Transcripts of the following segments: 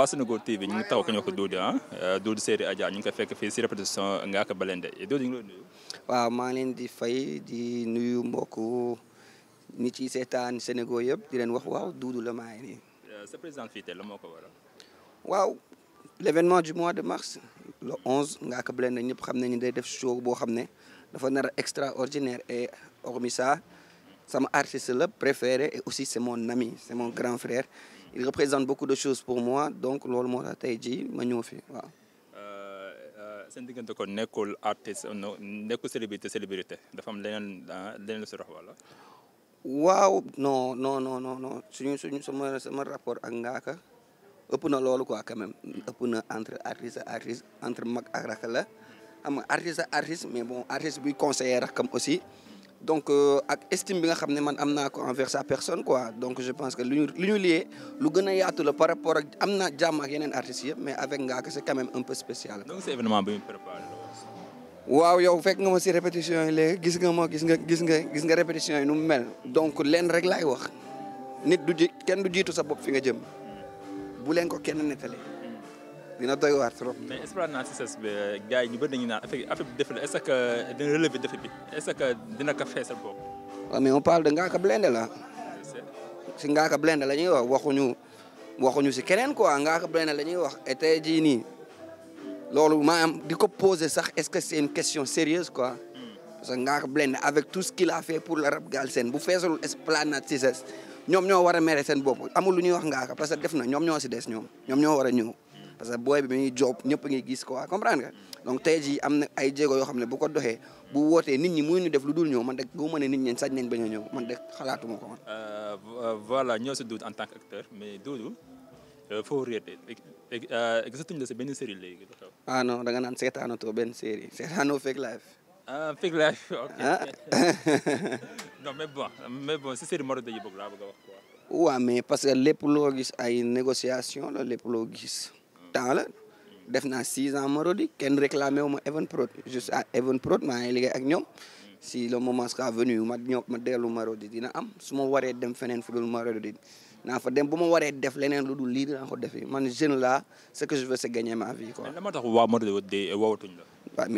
waa Sénégal TV ñu ngi taxaw kañ wax ko Doudou ah euh, Doudou Seydou Adja ñu ngi ko fekk fii si répétition Ngaaka Blindé Doudou ñu ngi nuyu. waaw maa leen di fay di nuyu mbokku nit yi seetaan Sénégal yëpp di leen wax waaw Doudou la maa ngi nii. Euh, sa présidente fii tey waaw l' du mois de mars le 11 Ngaaka Blindé ñëpp xam nañu day def show boo xam ne dafa nar extraordinaire et hormis sama artiste la préféré et aussi c'est mon ami c'est mon grand frère il représente beaucoup de choses pour moi donc loolu moo tax tey jii ma ñëw fi waaw. Euh, seen diggante kon nekkul artiste nekkul célébrité célébrité dafa am leneen ah, leneen si rox wala. non non non non non suñu suñu sama sama rapport ak Ngaaka ëpp na loolu ko quand même ëpp na entre artiste artiste entre mag ak rakk la xam nga artiste artiste mais bon artiste buy conseiller rakkam aussi. donc euh, ak estime bi nga xam ne man am naa ko envers sa personne quoi donc je pense que lu ñu lu ñu lié lu gën a yaatu par rapport ak am na jàmm ak yeneen artistes yëpp mais avec Ngaaka c'est quand même un peu spécial. donc c'est événement bi waaw yow fekk nga ma ci répétition yi le gis nga moo gis nga gis nga gis nga répétition yi nu mu mel. donc len rek laay wax nit du ji kenn du jiitu sa bopp fi nga jëm hmm. bu leen ko kenn nettalee. dina tooy waar trop. mais Esplanade Cissé bi gars yi ñu bëri dañu naan affaire bi défi la est ce que dina relever défi bi est que dina ko feesal boobu. waaw mais on parle de Ngaaka Blindé la. si Ngaaka Blindé la ñuy wax waxuñu waxuñu si keneen quoi Ngaaka Blindé la ñuy wax et tey jii nii loolu maanaam di ko poser sax est ce que c' est une question sérieuse quoi. Hmm. parce que Ngaaka Blindé avec tout ce qu'il a fait pour le rap Galsen bu feesalul Esplanade Cissé ñoom ñoo war a mere seen bopp amul lu ñuy wax Ngaaka parce que def na ñoom ñoo si des ñoom ñoo war a ñëw. parce que booy bi mi ngi job ñëpp ngi gis quoi comprendre nga donc tey jii am na ay jéego yoo xam ne bu ko doxee bu wootee nit ñi muy ñu def lu dul ñëw man de bu ma ne nit ñi sañ nañ bañ a ñëw man de xalaatuma ko man. Euh, voilà ñoo si Doudou en tant qu'acteur mais Doudou euh, foo réete euh, gisatuñ la si benn série léegi. ah non da nga naan seetaanatoo benn série seetaanoo fake life. ah fake life ok. Ah. non mais bon parce que lépp loo gis ay négociation la lépp loo gis. temps la def naa six ans Marodi kenn réclamé wu ma Evenprod juste à Evenprod maa ngi liggéey ak ñoom si le moment sera ma ñoo ma dellu Marodi dina am su ma waree dem feneen fu dul Marodi naa fa dem bu ma waree def leneen lu dul lii dinaa ko defi man jeune la ce que je veux c'est gagner ma vie quoi. mais lan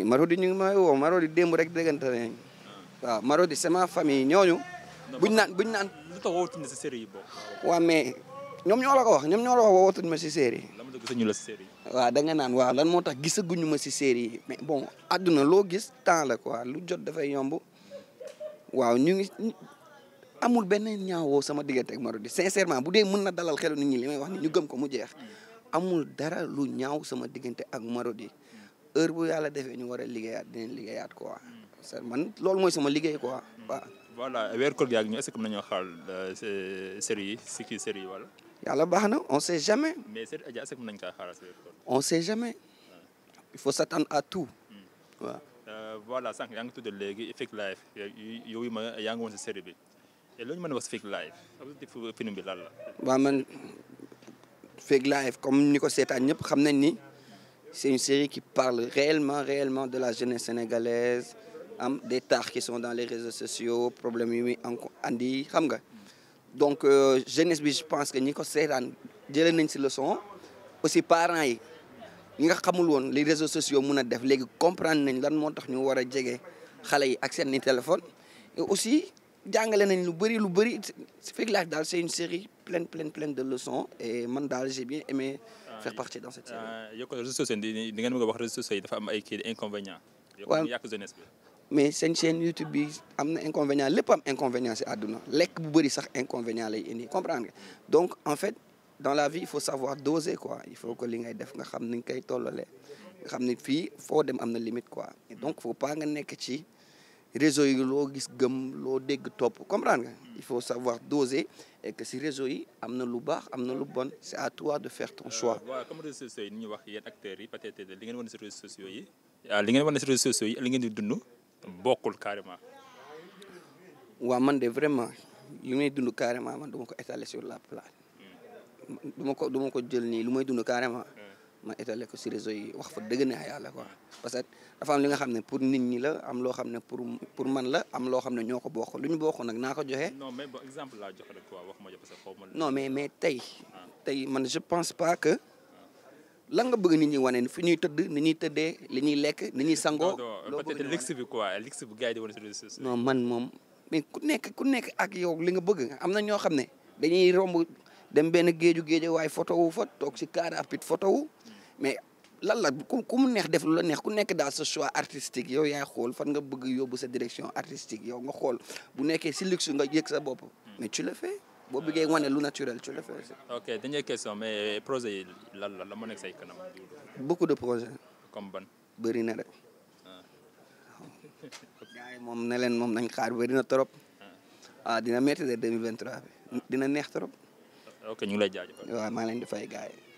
moo ñu ngi may woo Marodi démb rek déggante nañ waaw Marodi c'est ma famille ñooñu. buñ naan buñ naan. lu tax woowatuñ la ma si série gisaguñu la si série waaw da nga naan waaw lan moo tax gisaguñu ma si série yi mais bon àdduna loo gis temps la ko lu jot dafay yomb waaw ñu ngi amul benn ñaawoo sama diggante ak Marodi sincèrement bu dee mën na dalal xelu nit ñi li may wax ni ñu gëm ko mu jeex amul dara lu ñaaw sama diggante ak Marodi heure bu yàlla defee ñu war a liggéeyaat dinañ liggéeyaat quoi. man loolu mooy sama liggéey quoi waaw. voilà weer koor gi ak ñu est-ce que mën nañoo xaal euh, série yi si la baax na on sait jamais. mais on sait jamais. il faut s'attendre à tout. waaw. Hmm. Euh, voilà sànq yaa ngi tudd léegi Fake Life ma yaa ngi woon si série bi loolu ñu mën a wax Fake Life objectif film bi comme ni ko seetaan ñëpp xam nañ ni c'est une série qui parle réellement réellement de la jeunesse sénégalaise am des tares qui sont dans les réseaux sociaux problèmes yu muy andi xam nga. donc euh, jeunesse bi je pense que ñi ko seetaan jëlee nañ si leçon aussi parents yi ñi nga xamul woon les réseaux sociaux mun a def léegi comprendre nañ lan moo tax ñu war a jege xale yi ak seen i téléphone et aussi jàngale nañ lu bëri lu bëri si fekk laa daal c'est une série pleine pleine de leçons et man daal j'ai bien aimé faire partie dans cette série. Euh, euh, yow kon réseaux sociaux di ngeen mën a wax réseaux sociaux yi dafa am ay kii inconvénients. waaw yàq jeunesse mais seen chaîne YouTube bi am na inconvénient lépp am inconvénient si àdduna lekk bu bëri sax inconvénient lay indi comprendre nga donc en fait dans la vie il faut savoir doser quoi il faut que li ngay def nga xam ni nga koy tollalee nga xam ni fii foo dem am na limite quoi et donc faut pas nga nekk ci réseau yi loo gis gëm loo dégg topp comprendre nga il faut savoir doser et que si réseau yi am na lu baax am na lu bon c'est à toi de faire ton euh, choix. li ngeen di dund. bokkul carrément. waaw man de vraiment li may dund carrément man duma ko étaler sur la plage. Hmm. du ko du ma ko jël nii lu may dund carrément. Hmm. ma étaler ko si réseau yi wax fa dëgg na yàlla quoi parce que dafa am li nga xam ne pour nit ñi la am loo xam ne pour pour man la am loo xam ne ko bokk lu ñu bokk nag naa ko joxe. non exemple laa joxe rek quoi wax ma parce que xaw ma non mais mais tey. Ah. tey man je pense pas que. lan nga bëgg nit ñi wane fi ñuy tëdd ni ñuy tëddee li ñuy lekk li ñuy sangoo. loo bëgg luxe bi quoi luxe bu gars yi di wane si non man moom mais ku nekk ku nekk ak yow li nga bëgg am na ñoo xam ne dañuy romb dem benn géeju géeju waaye photo wu fa toog si car rapide photo mais lan la ku ku mu neex def lu la neex ku nekk daal sa choix artistique yow yaay xool fan nga bëgg yóbbu sa direction artistique yow nga xool bu nekkee si luxe nga yëg sa bopp hmm. mais tu le fais boo bëggee wane lu naturel ci la fay. ok dernière question mais projet yi lan la la moo nekk say kanam. beaucoup de projets. comme ban. bëri na rek. Ah. gars yi moom ne leen moom nañ xaar bëri na trop. ah, ah dina métti de 2023 bi dina neex trop. ok ñu ngi lay jaajëfal. waaw maa leen di fay gars